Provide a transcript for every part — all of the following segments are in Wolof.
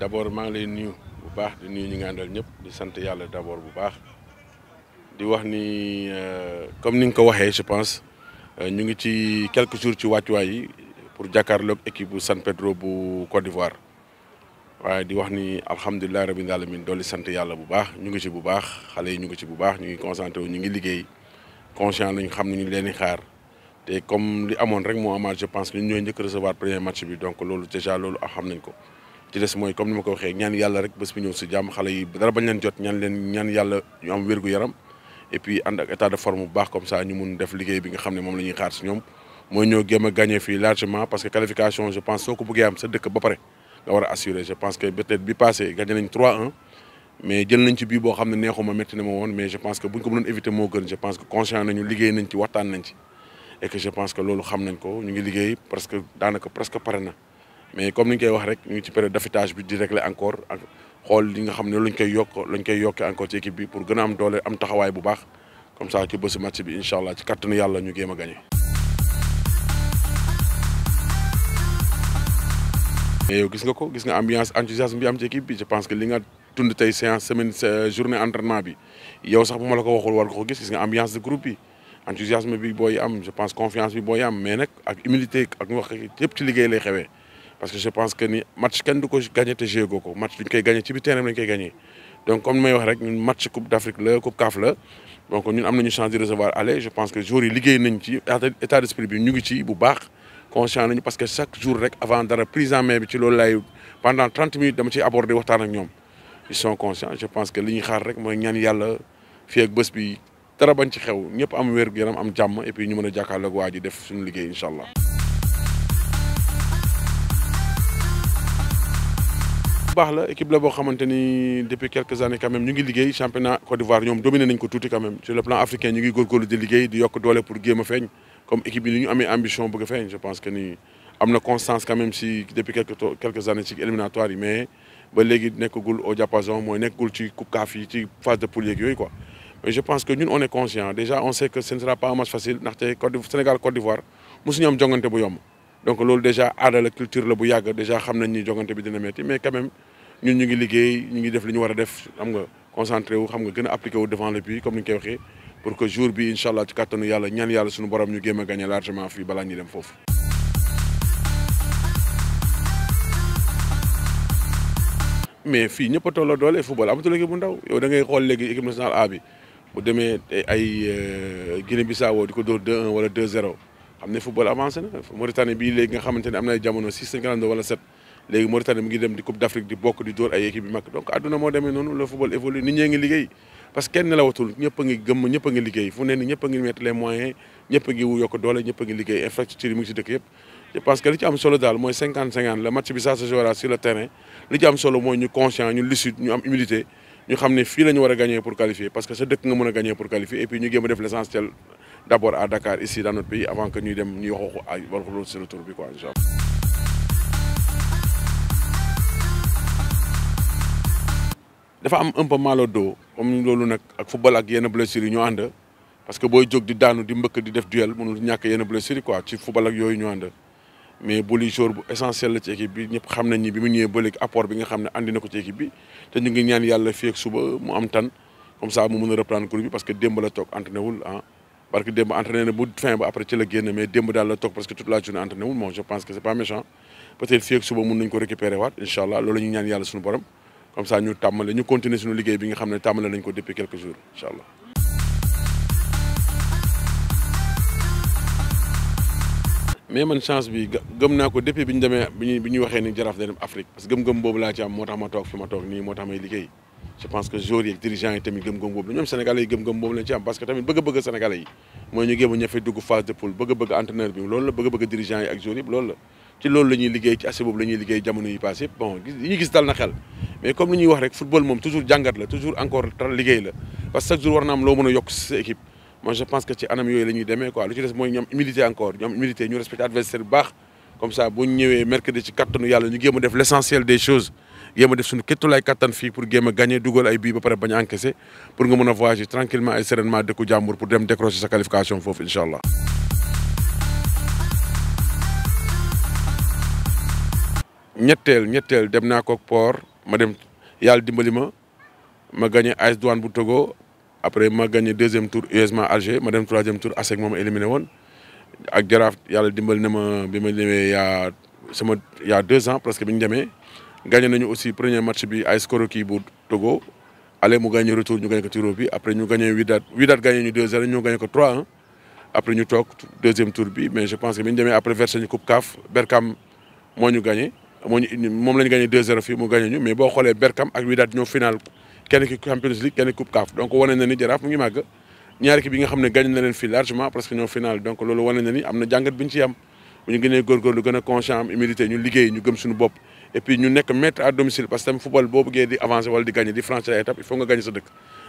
d' ma ngi lay nuyu bu baax di nuyu ñi nga àndal ñëpp di sant yàlla d' bu baax di wax ni euh, comme ni nga ko waxee je pense euh, ñu ngi ci quelques jours ci wàccuwaay yi pour jàkkaarloog équipe bu San Pedro bu Côte d'Ivoire waaye di wax ni alhamdulilah rabbil alamin dolli sant yàlla bu baax ñu ngi ci bu baax xale yi ñu ngi ci bu baax ñu ngi concentré wu ñu ngi liggéey conscient lañu xam ñu leen di xaar te comme li amoon rek moo amaat je pense que ñun ñooy njëkk recevoir premier match bi donc loolu déjà loolu xam nañ ko ci des mooy comme ni ma ko waxee ñaan yàlla rek bés bi ñëw si jàmm xale yi dara bañ leen jot ñaan leen ñaan yàlla ñu am wérgu yaram et puis ànd ak état de forme bu baax comme ça ñu mun def liggéey bi nga xam ne moom la xaar si ñoom mooy ñoo gëm a fii largement parce que qualification je pense soo ko bëggee am sa dëkk ba pare nga war a assurer je pense que peut-être bi passé gagné nañ 3-1 mais jël nañ ci bii boo xam ne neexuma métti na ma woon mais je pense que buñ ko mënoon éviter moo gën je pense que conscient nañu liggéey ngi liggéey parce que daanaka presque pare na mais comme ni ñu koy wax rek ñu ngi ci période d'affûtage bi di régler encore ak xool li nga xam ne lañ koy yokk lañ koy yokkee encore ci équipe bi pour gën a am doole am taxawaay bu baax comme ça ci bésu match bi incha allah ci kattanu yàlla ñu géem a gagné. mais yow gis nga ko gis nga ambiance enthousiasme bi am ci équipe bi je pense que li nga tund tey séance semaine journée entraînement bi yow sax bu ma la ko waxul war nga ko gis gis nga ambiance de groupe bi enthousiasme bi booy am je pense confiance bi booy am mais nag ak humilité ak ñu wax yëpp ci liggéey lay xewee. parce que je pense que ni match kenn du ko gagné te joué goko match duñ koy gagné ci biir terrain lañ koy gagné donc comme may wax rek ñun match coupe d'Afrique, le la coupe CAF la donc ñun amna ñu chance de recevoir aller je pense que jour yi liggéey nañ ci état d'esprit bi ñu ngi ci bu baax conscient nañu parce que chaque jour rek avant dara prise en main bi ci loolu pendant 30 minutes dama ci aborder waxtaan ak ñom ils sont conscients je pense que li ñu xaar rek moy ñaan yalla fi ak bés bi dara bañ ci xew ñëpp am wér yaram am jamm et puis ñu mëna a ak waaji def suñu liggéey inshallah Bah là, la équipe la boo xamante depuis quelques années quand même ñu ngi liggéey championnat Côte d'Ivoire ñoom dominé nañ ko tuuti quand même sur le plan africain ñu ngi góorgóorlu di liggéey di yokk doole pour géem a comme équipe yi ni ñu ambition bëgg a je pense que ni am na constance quand même si depuis quelques quelques années ci éliminatoires mais ba léegi nekkagul au diapason mooy nekkagul ci coupe CAF yi ci phase de poule yeeg quoi mais je pense que ñun on est conscient déjà on sait que ce ne sera pas un match facile ndaxte Sénégal Côte d'Ivoire mosuñu am jongante bu yomb donc loolu déjà aada la culture le bu yàgg déjà xam nañ ni jogante bi dina metti mais quand même ñun ñu ngi liggéey ñu ngi def li ñu wara def xam nga concentré wu xam nga gëna appliquer wu devant le but comme ni koy waxé pour que jour bi inshallah allah ci kàttanu yàlla ñaan yalla suñu borom ñu géem gagner largement fi bala ñi dem fofu mais fi ñepp tolo doole football amatu équipe bu ndaw yow da ngay xol léegi équipe nationale A bi bu démé ay euh, Guinée Bissau diko ko 2-1 wala 2-0 amne football avancé na Mauritanie bi légui nga xamante amna am na ay jamono six cinquante wala 7 légui Mauritanie mu ngi dem di Coupe d'Afrique di bokk di dóor ay équipe bi mag donc aduna mo demee noonu le football évolue nit ñee ngi liggéey parce que kenn la watul ñepp nga gëm ñepp nga a liggéey fu ne ni ñepp nga ngi mettre les moyens ñepp a wu yok doole ñepp nga ngi liggéey infrastructure yi mu ngi ci dëkk yépp je pense que li ci am solo dal moy 50 50 le match bi ça se jouera sur le terrain li ci am solo moy ñu conscient ñu lucide ñu am humilité ñu xamné fi lañu wara gagner pour qualifier parce que sa dëkk nga mëna gagner pour qualifier et puis ñu gëm def l'essentiel d'abord à Dakar, ici dans notre pays, avant que nous ayons nous sur le tour. Quoi, un peu mal au dos comme nous football ak blessures parce que si on di daanu di mbëkk duel mënul blessures quoi football mais bu li jour bu essentiel l'équipe. ci équipe bi l'apport ni Et apport bi nga ne andi comme ça mu mën reprendre reprendre groupe parce que nous la entraîné ah. parce que démb entraîné na bu fin ba après ci la génn mais démb daal la toog parce que toute la journée entraîné wul moom je pense que c'est pas méchant peut-être fii ak suba mun nañ ko récupérer waat incha allah loolu la ñuy ñaan yàlla suñu borom comme ça ñu tàmmale ñu continuer suñu liggéey bi nga xam ne tàmmale nañ ko depuis quelques jours incha allah mais man chance bi gëm naa ko depuis bi ñu demee bi ñuy waxee ni jaraaf day Afrique parce que gëm-gëm ma toog fi ma toog moo tax may je pense que Jory dirigeants gëm-gëm sénégalais parce que tamit bëgg sénégalais yi ñu phase de poule bëgg entraîneur bi loolu dirigeants yi ak joueurs loolu ci loolu liggéey ci assez mais comme nous wax le football est toujours jàngat toujours encore très la parce que chaque jour war na am équipe moi je pense que c'est un ami Nous ñuy quoi lu ci encore nous ñu comme ça mercredi ci nous l'essentiel des choses yéem a def suñu kéttulaay kattan fii pour géem a gagné dugal ay bii ba pare bañ a encaissé pour nga mën a voyager tranquillement et sereinement dëkku jàmbur pour dem décrocher sa qualification foofu incha allah ñetteel ñetteel dem naa ko port ma dem yàlla dimbali ma ma gagné AS Douanes bu Togo après ma gagné deuxième tour USMA Alger ma dem troisième tour ASEC moom a éliminé woon ak jaraaf yàlla dimbali na ma bi ma ñëwee yaa sama yaa deux ans presque bi ñu demee gagné nañu aussi premier match bi ay AS ki bu Togo allez mu gagné retour ñu gagné ko tiro bi après ñu gagné Wydad Wydad gagné ñu 2-0 ñu gagné ko 3-1 hein. après ñu tok deuxième tour bi mais je pense que bi ñu après verser ñu coupe CAF Berkam mo ñu gagné moo ñu moom la gagné 2-0 fi mu gagné ñu mais bo xolé Berkam ak Wydad ñoo final kenn ki Champions League kenn coupe CAF donc woné na ni Jaraaf mu ngi mag ñaar ki bi nga xamné ne gagné na leen fii largement parce que ñoo final donc lolu woné na ni amna jangat biñ ci am bu ñu gor gor lu a conscient am humilité ñu liggéey ñu gëm suñu bop et puis ñu nekk maître à domicile parce que le football boo bëggee di avancer wala di gagner di franchir étape il faut nga gagner sa dëkk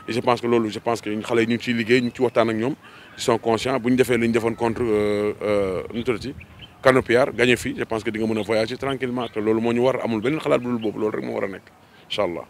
et je pense que lolo, je pense que xale yi ñu ci ciy ñu ci waxtan ak ñom ils sont conscients buñ défé defee li ñu defoon contre euh, euh, nu tuddati Canopiar gagner fi je pense que di nga mën voyager tranquillement Que loolu moo ñu war amul benn xalaat bu dul boobu loolu rek mo wara nek inshallah